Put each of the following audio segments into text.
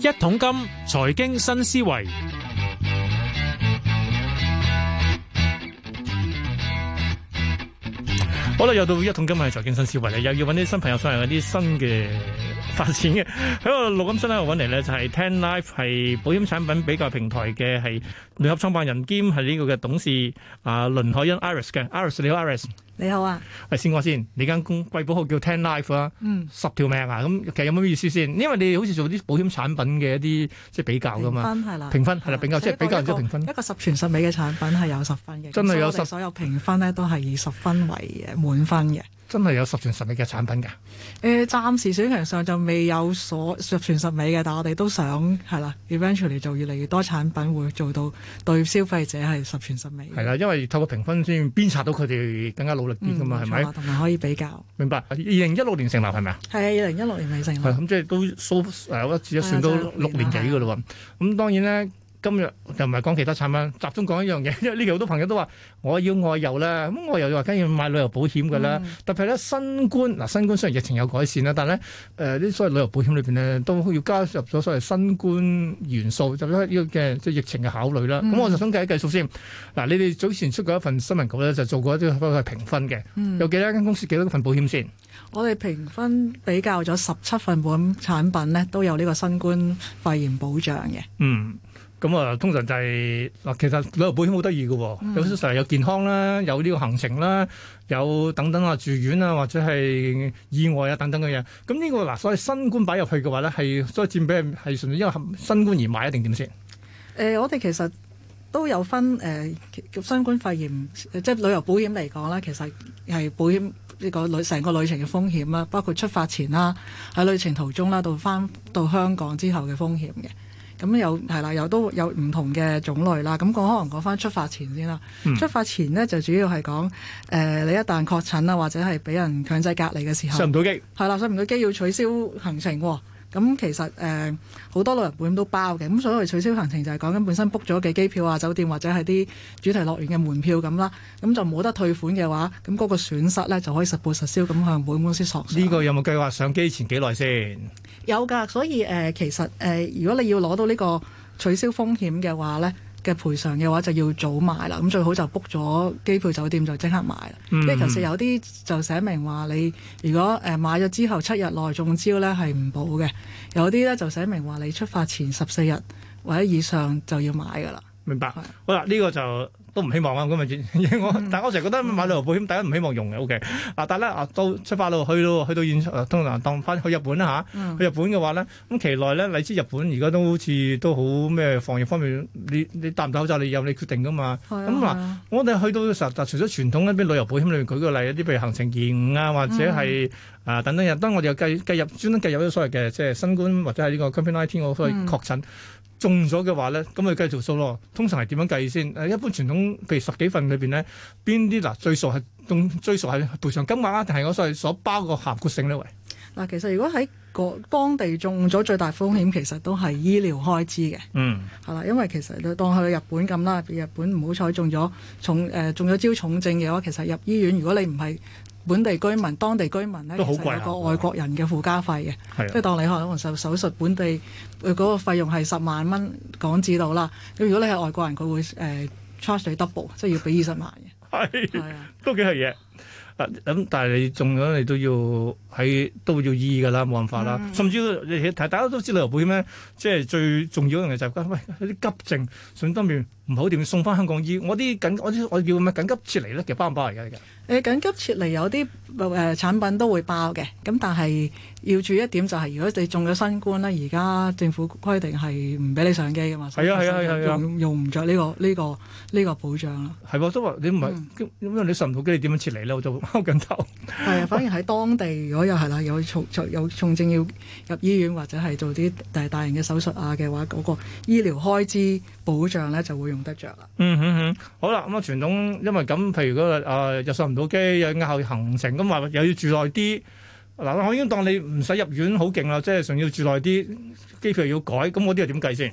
一桶金財經新思維， 好啦，又到一桶金係財經新思維啦，又要揾啲新朋友上嚟，有啲新嘅發展嘅喺我錄音室喺度揾嚟咧就係 Ten Life 係保險產品比較平台嘅係聯合創辦人兼係呢個嘅董事啊，倫、呃、凱恩、Iris 嘅 Iris 你好 Iris。你好啊，喂，先我先。你間公貴寶號叫 Ten Life 啊，嗯、十條命啊。咁其實有冇咩意思先？因為你好似做啲保險產品嘅一啲即係比較㗎嘛，分評分係啦，的的評分係啦，的的即比較即係比較咗評分一。一個十全十美嘅產品係有十分嘅，真係有十分。所，所有評分咧都係以十分為滿分嘅。真係有十全十美嘅產品㗎？誒、呃，暫時市場上就未有所十全十美嘅，但係我哋都想係啦，eventually 做越嚟越多產品，會做到對消費者係十全十美。係啦，因為透過評分先鞭策到佢哋更加努力啲㗎嘛，係咪、嗯？同埋可以比較。明白。二零一六年成立係咪啊？係呀，二零一六年未成立。係咁，即係都數誒一次一算都六年幾㗎啦喎。咁、就是、當然咧。今日就唔係講其他產品，集中講一樣嘢，因為呢期好多朋友都話我要外遊啦，咁外遊就梗要買旅遊保險㗎啦。嗯、特別咧，新冠嗱，新冠雖然疫情有改善啦，但咧誒啲所謂旅遊保險裏邊咧都要加入咗所謂新冠元素，就呢個嘅即疫情嘅考慮啦。咁、嗯、我就想計一計數先嗱，你哋早前出過一份新聞稿咧，就做過一啲關於評分嘅，嗯、有幾多間公司幾多份保險先？我哋評分比較咗十七份本產品咧，都有呢個新冠肺炎保障嘅。嗯。咁啊，通常就係、是、嗱，其實旅遊保險好得意嘅，嗯、有啲成日有健康啦，有呢個行程啦，有等等啊，住院啊，或者係意外啊等等嘅嘢。咁呢、這個嗱，所謂新冠擺入去嘅話咧，係所以佔比係純粹因為新冠而買一定點先？誒、呃，我哋其實都有分誒、呃，新冠肺炎即係旅遊保險嚟講啦，其實係保險呢、這個旅成個旅程嘅風險啦，包括出發前啦，喺旅程途中啦，到翻到香港之後嘅風險嘅。咁又係啦，有都有唔同嘅種類啦。咁我可能講翻出發前先啦。嗯、出發前咧就主要係講誒，你一旦確診啦、啊，或者係俾人強制隔離嘅時候，上唔到機。係啦，上唔到機要取消行程喎、哦。咁其實誒好、嗯、多老人會都包嘅，咁所以取消行程就係講緊本身 book 咗嘅機票啊、酒店或者係啲主題樂園嘅門票咁啦，咁就冇得退款嘅話，咁嗰個損失咧就可以實報實銷咁向保險公司索償。呢個有冇計劃上機前幾耐先？有㗎，所以誒、呃、其實誒、呃、如果你要攞到呢個取消風險嘅話咧，嘅賠償嘅話就要早買啦，咁最好就 book 咗機票酒店就即刻買啦。嗯、因為其實有啲就寫明話你如果誒買咗之後七日內中招咧係唔保嘅，有啲咧就寫明話你出發前十四日或者以上就要買噶啦。明白。係好啦，呢、呢個就。都唔希望啊！咁啊，但係我成日覺得買旅遊保險、嗯、大家唔希望用嘅。OK。啊，但係咧啊，到出發路去咯，去到遠出通常當翻去日本啦吓，去日本嘅話咧，咁其內咧，你知、嗯、日本而家都好似都好咩防疫方面，你你戴唔戴口罩，你有你決定㗎嘛。咁嗱，我哋去到時，但係除咗傳統嗰啲旅遊保險裏面，舉個例，一啲譬如行程延誤啊，或者係。嗯啊！等等日當我哋又計計入專登計入咗所謂嘅即係新冠或者係呢個 COVID-19 嗰個確診中咗嘅話咧，咁佢計條數咯。通常係點樣計先？誒，一般傳統譬如十幾份裏邊呢，邊啲嗱最熟係最熟係賠償金額啊？定係我所謂所包個涵括性呢喂，嗱，其實如果喺個當地中咗最大風險，其實都係醫療開支嘅。嗯，係啦，因為其實當佢去日本咁啦，日本唔好彩中咗重誒、呃、中咗招重症嘅話，其實入醫院如果你唔係。本地居民、當地居民咧，都貴啊、其實有一個外國人嘅附加費嘅，即係、啊、當你可能受手術，本地佢嗰個費用係十萬蚊港紙到啦。咁如果你係外國人，佢會誒、呃、charge 你 double，即係要俾二十萬嘅。係 是啊，都幾係嘢。啊，咁但係你中咗你都要喺都要醫㗎啦，冇辦法啦。嗯、甚至大家都知旅遊保險咧，即係最重要一樣嘢就係，喂、哎、啲急症，想至都唔好點送翻香港醫？我啲緊，我啲我叫乜緊急撤離咧，其實包唔包嚟噶？誒緊急撤離有啲誒、呃、產品都會包嘅，咁但係要注意一點就係、是，如果你中咗新冠咧，而家政府規定係唔俾你上機噶嘛？係啊係啊係啊！啊啊啊用唔着呢、呢個呢、呢個呢、呢個保障咯。係喎、啊，都話你唔係、嗯、因為你上唔到機，你點樣撤離呢？我就拋緊頭。係 啊，反而喺當地，如果又係啦，有重有重症要入醫院或者係做啲大型嘅手術啊嘅話，嗰、嗰個醫療開支保障咧就會用用得著啦。嗯嗯嗯，好啦，咁、嗯、啊，傳統因為咁，譬如嗰個啊上唔到機，又啲後行程咁話又要住耐啲。嗱，我已經當你唔使入院好勁啦，即係仲要住耐啲，機票要改，咁嗰啲又點計先？誒、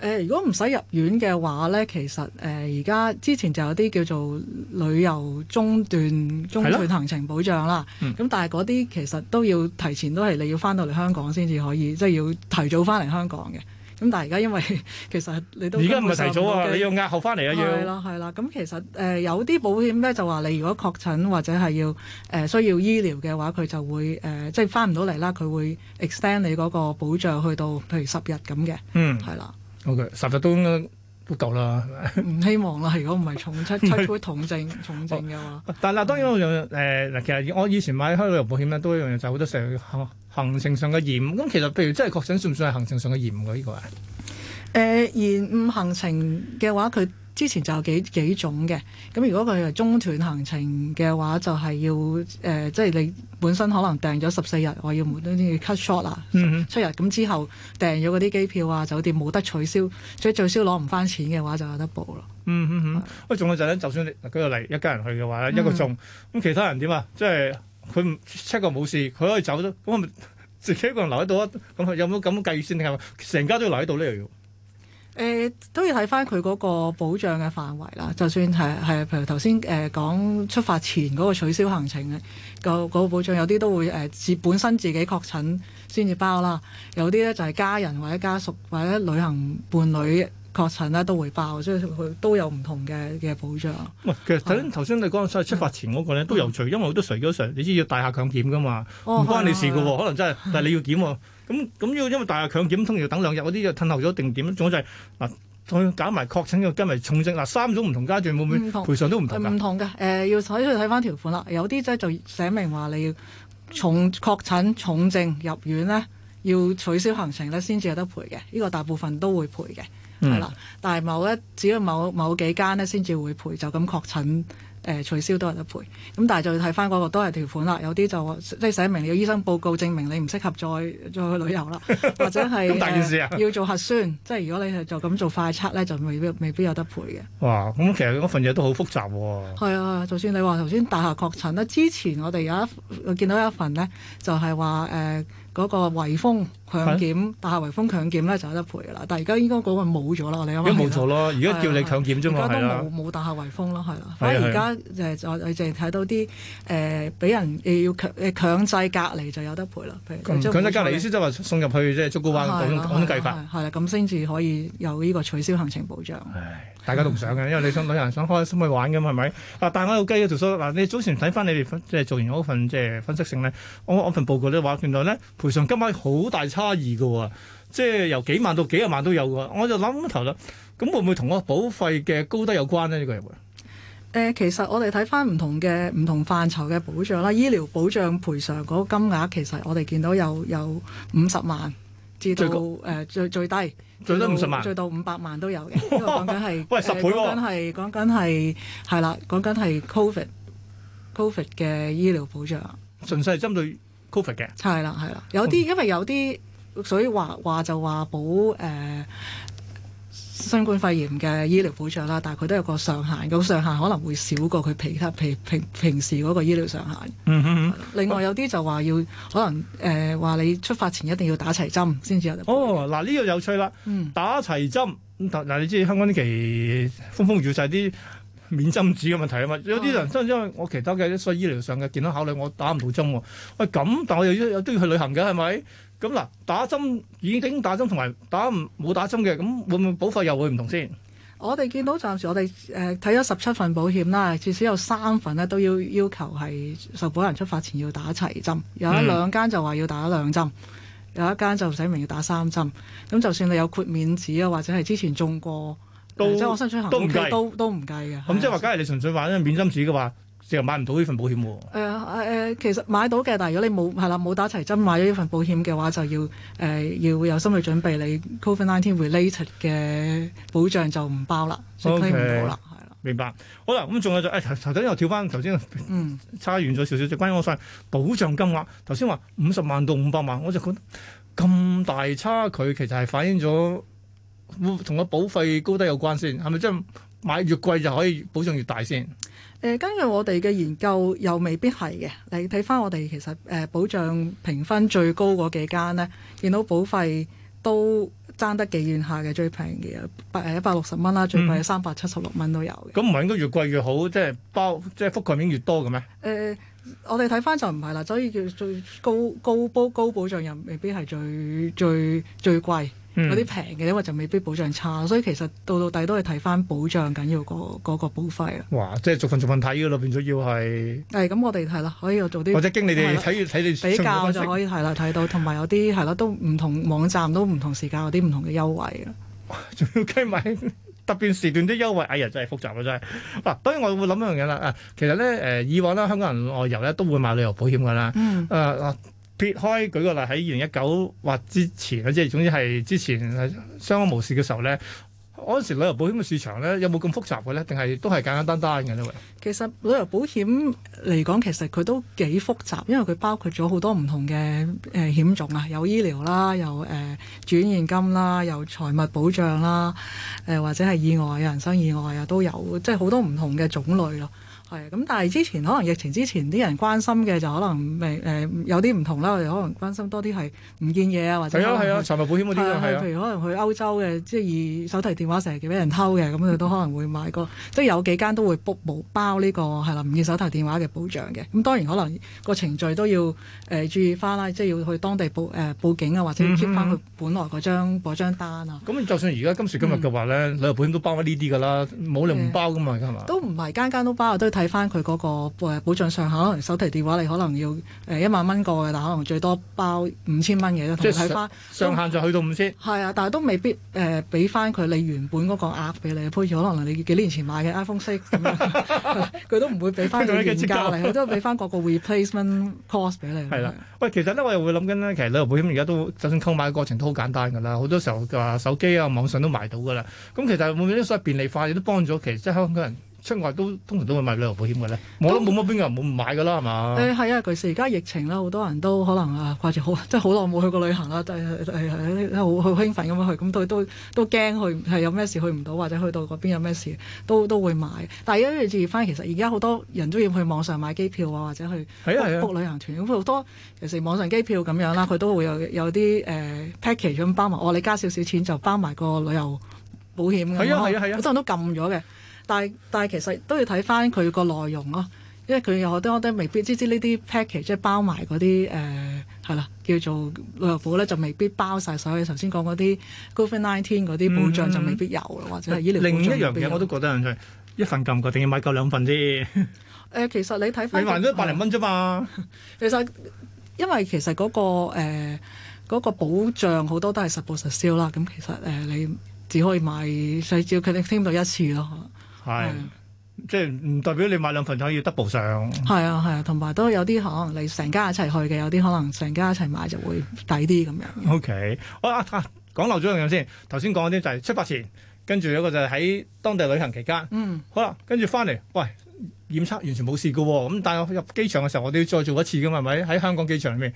呃，如果唔使入院嘅話咧，其實誒而家之前就有啲叫做旅遊中斷中斷行程保障啦。嗯的。咁但係嗰啲其實都要提前，都係你要返到嚟香港先至可以，即係要提早返嚟香港嘅。咁但係而家因為其實你都而家唔係提早啊，你要押後翻嚟啊要係啦，係啦。咁其實誒、呃、有啲保險咧就話你如果確診或者係要誒、呃、需要醫療嘅話，佢就會誒、呃、即係翻唔到嚟啦，佢會 extend 你嗰個保障去到譬如十日咁嘅。嗯，係啦的。OK，十日都唔夠啦。唔希望啦，如果唔係重疾、輕微重症、重症嘅話。 但係嗱，當然我又誒嗱，其實我以前買開旅遊保險咧，都一樣就好多時行程上嘅延誤，咁其實譬如真係確診算唔算係行程上嘅延誤呢個啊？誒、呃，延誤行程嘅話，佢之前就有幾幾種嘅。咁如果佢係中斷行程嘅話，就係、是、要誒、呃，即係你本身可能訂咗十四日，我要冇端端要 cut short 啊、嗯哼，出日咁之後訂咗嗰啲機票啊、酒店冇得取消，所以取消攞唔返錢嘅話就有得補咯。嗯嗯嗯。喂、啊，仲有就係、是、咧，就算你嗱舉個例，一家人去嘅話咧，嗯、哼一個鐘，咁其他人點啊？即、就、係、是。佢唔七個冇事，佢可以走咗，咁我咪自己一個人留喺度啊？咁有冇咁計先？成家都要留喺度呢又要？誒、欸、都要睇翻佢嗰個保障嘅範圍啦。就算係係，譬如頭先誒講出發前嗰個取消行程嘅、嗰個嗰、嗰個保障，有啲都會誒自、呃、本身自己確診先至包啦。有啲咧就係、係、家人或者家屬或者旅行伴侶。確診咧都會爆，所以佢都有唔同嘅嘅保障。其實睇頭先你講嘅出發前嗰個咧都有趣，嗯、因為好多隨咗上，你知要大廈強檢㗎嘛，唔、哦、關你的事㗎喎，的可能真係， 但係你要檢咁咁要，因為大廈強檢通常要等兩日，嗰啲就褪後咗定點。總之係嗱，再搞埋確診又跟埋重症嗱，三種唔同階段會唔會賠償都唔同㗎？唔同嘅誒、呃，要喺度睇返條款啦。有啲真係就寫明話你要重確診、重症入院呢，要取消行程呢，先至有得賠嘅。呢、呢個大部分都會賠嘅。係啦，但係某一只要某某幾間咧，先至會賠，就咁確診誒、呃、取消都有得賠。咁但係就要睇翻嗰個都係條款啦，有啲就即係寫明要醫生報告證明你唔適合再再去旅遊啦，或者係、 咁大件事啊呃、要做核酸。即係如果你係就咁做快測咧，就未必未必有得賠嘅。哇！咁其實嗰份嘢都好複雜喎、哦。啊，就算你話頭先大下確診咧，之前我哋有一見到一份咧，就係話誒。呃嗰個圍封強檢，大廈圍封強檢咧就有得賠啦。但係而家應該嗰個冇咗啦，你諗下。冇咗咯，而家叫你強檢啫嘛。而家都冇冇大廈圍封咯，係啦。反而而家誒就係淨睇到啲誒俾人要強制隔離就有得賠啦。強制隔離意思就話送入去即係竹篙灣嗰計法。係啦，咁先至可以有呢個取消行程保障。大家都唔想嘅，因為你想旅行、想開心去玩嘅嘛，係咪？但我有計嘅條數。嗱，你早前睇翻你哋即係做完嗰份即係分析性呢，我份報告都話原來呢。賠償金額好大差異嘅、啊，即係由幾萬到幾十萬都有嘅、啊。我就諗頭啦，咁會唔會同個保費嘅高低有關呢？呢個誒，其實我哋睇翻唔同嘅唔同範疇嘅保障啦，醫療保障賠償嗰個金額其實我哋見到有有五十萬至到誒最高、呃、最，最低到最低五十萬，最到五百萬都有嘅。講緊係，喂，十倍喎，講緊係講緊係係啦，講緊係 CO covid covid 嘅醫療保障，純粹係針對。Covid 嘅，係啦，係啦，有啲因為有啲所以話話就話保誒、呃、新冠肺炎嘅醫療保障啦，但係佢都有個上限，咁上限可能會少過佢其他平平平時嗰個醫療上限。嗯嗯嗯另外有啲就話要可能誒話、呃、你出發前一定要打齊針先至有。哦，嗱呢個有趣啦，打齊針嗱、嗯、你知香港啲旗風風雨勢啲。免針紙嘅問題啊嘛，有啲人真係、嗯、因為我其他嘅，所以醫療上嘅健康考慮，我打唔到針喎、啊。喂、哎，咁但我又要都要去旅行嘅係咪？咁嗱，打針已經打針同埋打唔冇打針嘅，咁會唔會保費又會唔同先？我哋見到暫時我哋誒睇咗十七份保險啦，至少有三份呢都要要求係受保人出發前要打齊針，有一、嗯、兩間就話要打兩針，有一間就寫明要打三針。咁就算你有豁免紙啊，或者係之前中過。都即係我身出行都都，都唔計，都都唔計嘅。咁、啊、即係話，假如你純粹話咧免針紙嘅話，就買唔到呢份保險喎、啊。誒誒、呃呃，其實買到嘅，但係如果你冇係啦，冇、啊、打齊針買咗呢份保險嘅話，就要誒、呃、要有心理準備你，你 COVID-19 related 嘅保障就唔包啦，所以買唔到啦，係啦、啊。明白。好啦，咁仲有就誒頭頭又跳翻頭先，嗯，嗯哎、差完咗少少就關於我份保障金額。頭先話五十萬到五百萬，我就覺得咁大差距，其實係反映咗。同個保費高低有關先，係咪即係買越貴就可以保障越大先？誒、呃，根據我哋嘅研究又未必係嘅。你睇翻我哋其實誒、呃、保障評分最高嗰幾間咧，見到保費都爭得幾遠下嘅，最平嘅百誒一百六十蚊啦，最貴三百七十六蚊都有。咁唔係應該越貴越好，即係包即係覆蓋面越多嘅咩？誒、呃，我哋睇翻就唔係啦，所以最高高，高保高保障又未必係最最最貴。嗯、有啲平嘅，因為就未必保障差，所以其實到到底都係睇翻保障緊要嗰嗰、嗰個嗰個保費啊！哇！即係逐份逐份睇噶咯，變咗要係係咁，我哋係咯，可以做啲或者經你哋睇睇你比較就可以係啦，睇到同埋有啲係咯，都唔同網站都唔同時間有啲唔同嘅優惠。哇！仲要計埋特別時段啲優惠，哎呀真係複雜啊！真係嗱、啊，當然我會諗一樣嘢啦啊，其實咧誒、呃、以往咧香港人外遊咧都會買旅遊保險噶啦，誒、啊。嗯撇開舉個例喺二零一九或之前啦，即係總之係之前係相安無事嘅時候咧，嗰陣時旅遊保險嘅市場咧有冇咁複雜嘅咧？定係都係簡簡單單嘅呢？喂，其實旅遊保險嚟講，其實佢都幾複雜，因為佢包括咗好多唔同嘅誒、呃、險種啊，有醫療啦，有誒、呃、轉現金啦，有財物保障啦，誒、呃、或者係意外啊、人身意外啊都有，即係好多唔同嘅種類咯。係咁，但係之前可能疫情之前啲人關心嘅就可能誒、呃、有啲唔同啦。我哋可能關心多啲係唔見嘢啊，或者係啊係啊財物保險嗰啲啊，係譬的的如可能去歐洲嘅，即係以手提電話成日俾人偷嘅，咁、嗯、佢的都可能會買個，即係有幾間都會煲冇包呢、這個係啦，唔見手提電話嘅保障嘅。咁、嗯、當然可能個程序都要誒、呃、注意翻啦，即係要去當地報誒、呃、報警啊，或者 keep 翻佢本來嗰張嗰張單啊。咁、嗯、就算而家今時今日嘅話咧，嗯、旅遊保險都包翻呢啲㗎啦，冇你唔包㗎嘛，係嘛，都唔係間間都包都～睇翻佢嗰個保障上下，可能手提電話你可能要誒一萬蚊個嘅，但可能最多包五千蚊嘅。即係睇翻上限就去到五千。係啊，但係都未必誒俾翻佢你原本嗰個額俾你。譬如可能你幾年前買嘅 iPhone Six 咁樣，佢 都唔會俾翻你原價嚟，佢 都係俾翻嗰個 replacement cost 俾你。係啦，喂，其實呢，我又會諗緊咧，其實旅遊保險而家都就算購買嘅過程都好簡單㗎啦，好多時候嘅、啊、手機啊、網上都買到㗎啦。咁其實每啲所謂便利化亦都幫咗其實即係香港人。出外都通常都會買旅遊保險嘅咧，我都冇乜邊個人唔買嘅啦，係嘛？誒係、呃欸、啊，其實而家疫情啦，好多人都可能啊掛住好，即係好耐冇去過旅行啦，即係好好興奮咁去，咁佢都都驚去係有咩事去唔到，或者去到嗰邊有咩事都都會買。但係要注意翻，其實而家好多人都要去網上買機票啊，或者去 book 旅行團，咁好多其實網上機票咁樣啦，佢都會有有啲誒 package 咁包埋，哦你、哦、加少少錢就包埋個旅遊保險嘅。係啊係啊係啊！好、啊嗯嗯、多人都撳咗嘅。但係但係，其實都要睇翻佢個內容咯、啊，因為佢有好多都未必即知呢啲 package 即係包埋嗰啲誒係啦，叫做旅遊保咧，就未必包晒。所以頭先講嗰啲 COVID-19 嗰啲保障就未必有，嗯、或者係醫療保障。另一樣嘢我都覺得係一份夠唔夠定要買夠兩份先？誒、 呃，其實你睇翻、那個、你還咗百零蚊啫嘛、哎。其實因為其實嗰、那個誒、呃那個、保障好多都係實報實銷啦。咁其實誒、呃、你只可以買，所以只要佢哋到一次咯。係，即係唔代表你買兩份就可以 double 上。係啊係啊，同埋都有啲可能你成家一齊去嘅，有啲可能成家一齊買就會抵啲咁樣。OK，好啦，講、啊啊、漏咗一樣先。頭先講嗰啲就係出發前，跟住有個就係喺當地旅行期間。嗯，好啦，跟住翻嚟，喂，檢測完全冇事噶、哦，咁但係我入機場嘅時候，我都要再做一次噶嘛，係咪？喺香港機場裏面，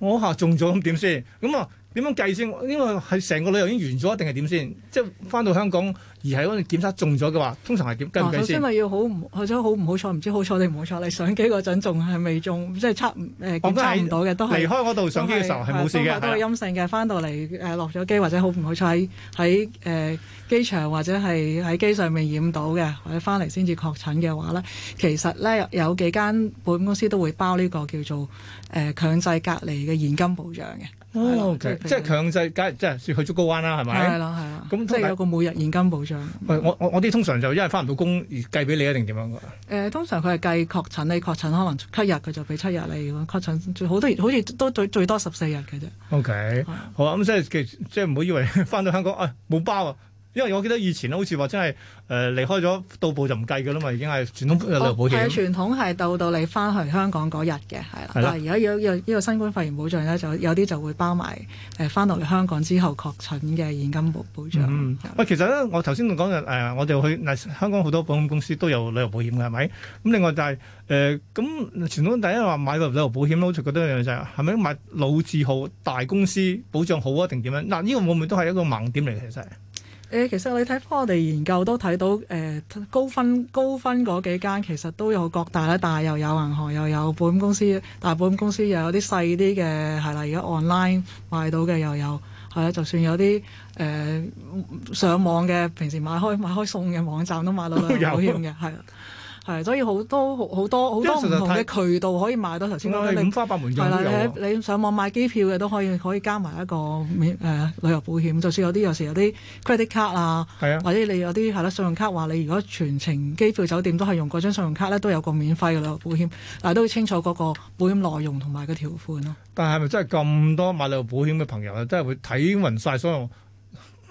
我下中咗咁點先？咁啊。點樣計先？因為係成個旅遊已經完咗，定係點先？即係翻到香港而喺嗰度檢測中咗嘅話，通常係點計唔計先？咪要好唔係想好唔好彩，唔知好彩定唔好彩。你上機嗰陣仲係未中，即係測唔誒、嗯、檢測唔到嘅，都係離開嗰度上機嘅時候係冇事嘅。都係、啊、陰性嘅，翻到嚟誒落咗機或者好唔好彩喺誒機場或者係喺機上面染到嘅，或者翻嚟先至確診嘅話咧，其實咧有幾間保險公司都會包呢、這個叫做誒、呃、強制隔離嘅現金保障嘅。哦，即係強制，梗係即係去竹篙灣啦，係咪？係啦，係啦。咁即係有個每日現金保障。唔我我我啲通常就因為翻唔到工，計俾你一定點樣㗎？誒，通常佢係計確診，你確診可能七日佢就俾七日你。如果確診最好多，好似都最最多十四日嘅啫。O K，好啊，咁即係其實即係唔好以為翻到香港誒冇包啊。因為我記得以前好似話真係誒離開咗到埗就唔計㗎喇嘛，已經係傳統旅遊保險嘅。我係傳統係到到你翻去香港嗰日嘅，係啦。係啦的，而家有呢、呢個新冠肺炎保障咧，就有啲就會包埋誒翻到嚟香港之後確診嘅現金保，保障。喂、嗯，的其實咧，我頭先講嘅我哋去香港好多保險公司都有旅遊保險嘅，係咪？咁另外就係誒咁傳統第一話買旅遊保險好似覺得就係係咪買老字號大公司保障好啊？定點樣？嗱，呢個會唔會都係一個盲點嚟嘅？其實？誒，其實你睇翻我哋研究都睇到，誒、呃、高分高分嗰幾間其實都有各大咧，但係又有銀行又有保險公司，但係保險公司又有啲細啲嘅係啦，而家 online 買到嘅又有係啦，就算有啲誒、呃、上網嘅，平時買開買開送嘅網站都買到保險嘅係啦。 係，所以好多好多好多唔同嘅渠道可以買到頭先五花八門的，係啦，你你上網買機票嘅都可以可以加埋一個免誒、呃、旅遊保險。就算有啲有時有啲 credit card 啊，係啊的，或者你有啲係咯信用卡話你如果全程機票酒店都係用嗰張信用卡咧，都有個免費嘅旅遊保險，但係都要清楚嗰個保險內容同埋個條款咯、啊。但係係咪真係咁多買旅遊保險嘅朋友啊？真係會睇勻晒所有？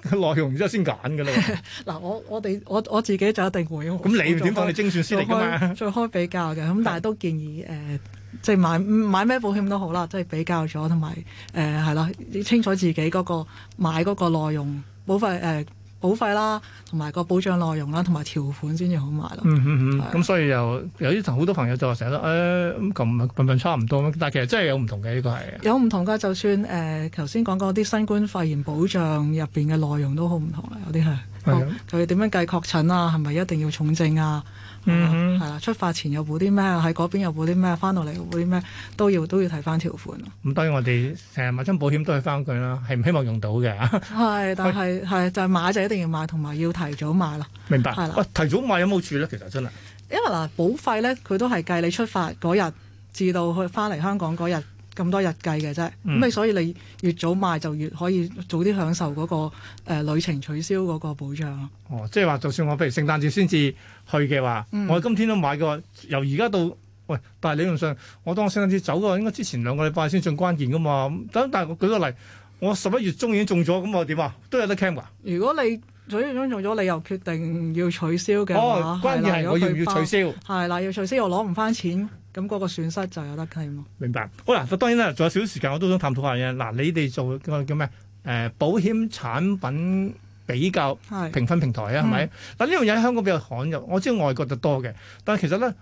個 內容然之後先揀嘅啦。嗱，我我哋我我自己就一定會咁你點講？你精算師嚟㗎嘛，最 開比較嘅咁，嗯、 但係都建議誒，即、呃、係、就是、買買咩保險都好啦，即、就、係、是、比較咗同埋誒係啦，你清楚自己嗰、那個買嗰個內容保費誒。保費啦，同埋個保障內容啦，同埋條款先至好買咯。嗯嗯嗯，咁是所以又有啲同好多朋友就話成日都，誒咁近笨近差唔多，但係其實真係有唔同嘅呢、呢個係。有唔同㗎，就算誒頭先講嗰啲新冠肺炎保障入邊嘅內容都好唔同啊，有啲係。佢點的、oh，樣計確診啊？係咪一定要重症啊？嗯，係啦， 出發前又保啲咩？喺嗰邊又保啲咩？翻到嚟又保啲咩？都要都要睇翻條款。咁 當然我哋成日買張保險都係翻佢啦，係唔希望用到嘅。係， 但係係 就係、是、買就一定要買，同埋要提早買啦。明白。係啦的，提早買有冇好處咧？其實真係因為嗱，保費咧佢都係計你出發嗰日至到去翻嚟香港嗰日。咁多日計嘅啫，咁你、嗯、所以你越早買就越可以早啲享受嗰、嗰個、呃、旅程取消嗰個保障咯。哦，即係話就算我譬如聖誕節先至去嘅話，嗯、我哋今天都買嘅話，由而家到喂，但係理論上我當我聖誕節走嘅話，應該之前兩個禮拜先最關鍵嘅嘛。咁但係我舉個例，我十一月中已經中咗，咁我點啊？都有得 claim 㗎。如果你最終用咗理由決定要取消嘅關鍵，係啦、哦，我要唔要取消？係嗱消，要取消又攞唔返錢，咁嗰個損失就有得計咯。明白。好啦，咁當然啦，仲有少少時間，我都想探討下嘢。嗱，你哋做個叫咩？誒、呃，保險產品比較評分平台啊，係咪是？嗱吧，呢樣嘢喺香港比較罕有，我知道外國就多嘅，但係其實咧，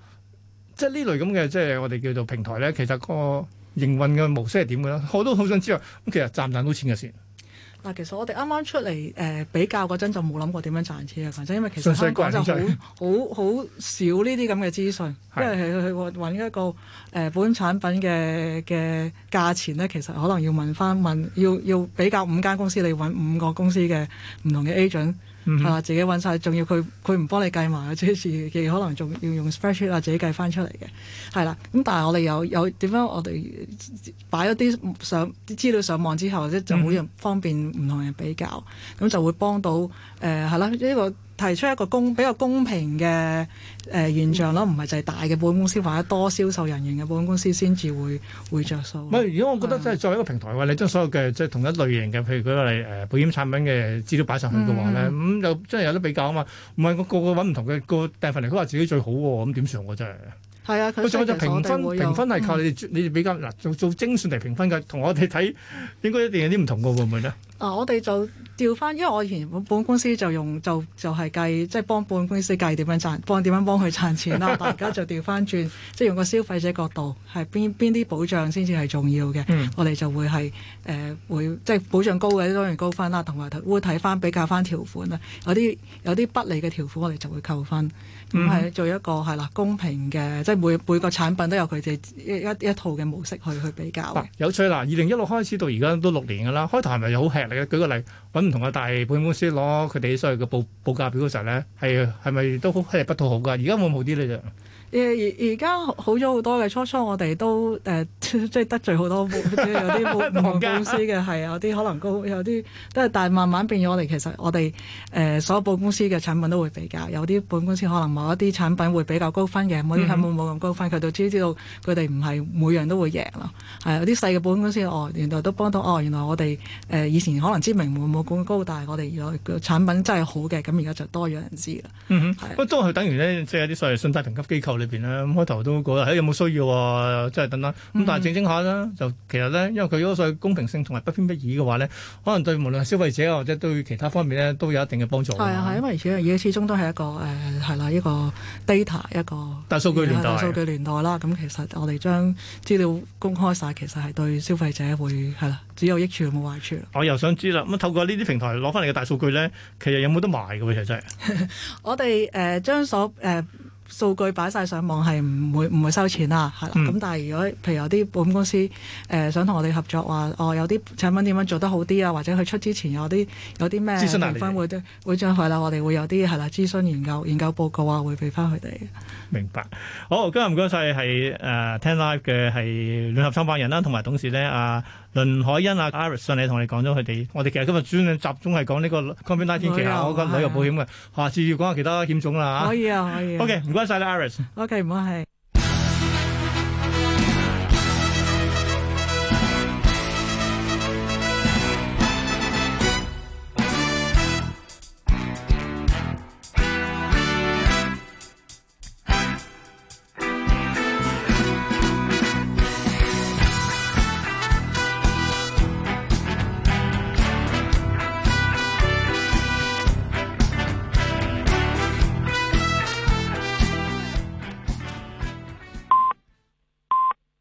即係呢類咁嘅，即係我哋叫做平台咧，其實個營運嘅模式係點嘅咧？我都好想知道，咁其實賺唔賺到錢嘅先？嗱，其實我哋啱啱出嚟誒、呃、比較嗰陣，就冇諗過點樣賺錢啊！反正因為其實香港就好好好少呢啲咁嘅資訊，因為去去揾一個誒保險產品嘅嘅價錢咧，其實可能要問翻問要要比較五間公司，你揾五個公司嘅唔同嘅 agent。係啦，自己揾曬，仲要佢佢唔幫你計埋啊！即係似，可能仲要用 spreadsheet 啊，自己計翻出嚟嘅，係啦。咁但係我哋有有點樣？我哋擺咗啲上資料上網之後，即係就每人方便唔同人比較，咁就會幫到誒係啦。呢、呃、個提出一個公比較公平嘅誒、呃、現象咯，唔係就係大嘅保險公司或者多銷售人員嘅保險公司先至會會著數。唔係，如果我覺得即係作為一個平台嘅話，你將所有嘅即係同一類型嘅，譬如佢個係保險產品嘅資料擺上去嘅話咧，咁又、嗯嗯、真係有得比較啊嘛。唔係我個個揾唔同嘅、嗯、個訂份嚟，都話自己最好喎，咁點算我真係？係啊、嗯，佢就評分，嗯、評分係靠你哋，你哋比較嗱，做做精算嚟評分嘅，同我哋睇應該一定有啲唔同嘅，會唔會咧？啊！我哋就調翻，因為我以前本公司就用就就係、是、計，即、就、係、是、幫本公司計點樣賺，幫點樣幫佢賺錢啦。 大家就調翻轉，即、就、係、是、用個消費者角度，係邊邊啲保障先至係重要嘅。嗯、我哋就會係誒、呃、會，即、就、係、是、保障高嘅當然高分啦，同埋會睇翻比較翻條款啦。有啲有啲不利嘅條款，條款我哋就會扣分，咁係、嗯、做一個係啦公平嘅，即、就、係、是、每每個產品都有佢哋一一,一套嘅模式去去比較，啊。有趣嗱，二零一六開始到而家都六年噶啦，開頭係咪好吃？係啊，舉個例，揾唔同嘅大保險公司攞佢哋所謂嘅報報價表嘅時候咧，係係咪都係不討好㗎？好而家會冇啲咧就？而而家好咗好多嘅，初初我哋都誒、呃、即係得罪好多有啲保險公司嘅，係 有啲可能高有啲，但係慢慢變咗。我哋其實我哋誒、呃、所有保險公司嘅產品都會比較，有啲保險公司可能某一啲產品會比較高分嘅，某啲產品冇咁高分。佢、嗯、哼都知道知道佢哋唔係每樣都會贏咯。係有啲細嘅保險公司哦，原來都幫到哦。原來我哋誒、呃、以前可能知名冇冇咁高，但係我哋而家個產品真係好嘅，咁而家就多咗人知啦。嗯，不過都係等於咧，即係啲所謂信貸評級機構。裏邊咧，咁開頭都覺得，係有冇需要、啊，即、就、係、是、等等。咁但係正正下啦，就其實咧，因為佢嗰個所謂公平性同埋不偏不倚嘅話咧，可能對無論消費者或者對其他方面咧，都有一定嘅幫助。係啊，係，因為而且始終都係一個誒，係、呃、啦，依個 data 一個，ata，一個大數據年代，大數的據年代啦。咁的其實我哋將資料公開晒，其實係對消費者會係啦，只有益處冇壞處。我又想知啦，咁、嗯、透過呢啲平台攞翻嚟嘅大數據咧，其實有冇得賣嘅喎？其實真係 我哋誒將所誒。呃呃呃呃呃數據擺晒上網係唔會唔會收錢啊，係啦。咁、嗯、但係如果譬如有啲保險公司誒、呃、想同我哋合作，話哦有啲產品點樣做得好啲啊，或者佢出之前有啲有啲咩諮詢會都會將佢啦，我哋會有啲係啦諮詢研究研究報告啊，會俾翻佢哋。明白。好，今日唔該晒係誒 10Life 嘅係聯合創辦人啦，同埋董事咧啊。倫凱恩啊 Iris 上嚟同你講咗佢哋，我哋其實今日專啊集中係講呢個 Covid-19 我個旅遊保險嘅，下次要講下其他險種啦嚇。可以啊，可以、啊。OK，唔該晒啦 Iris，OK，唔該，係。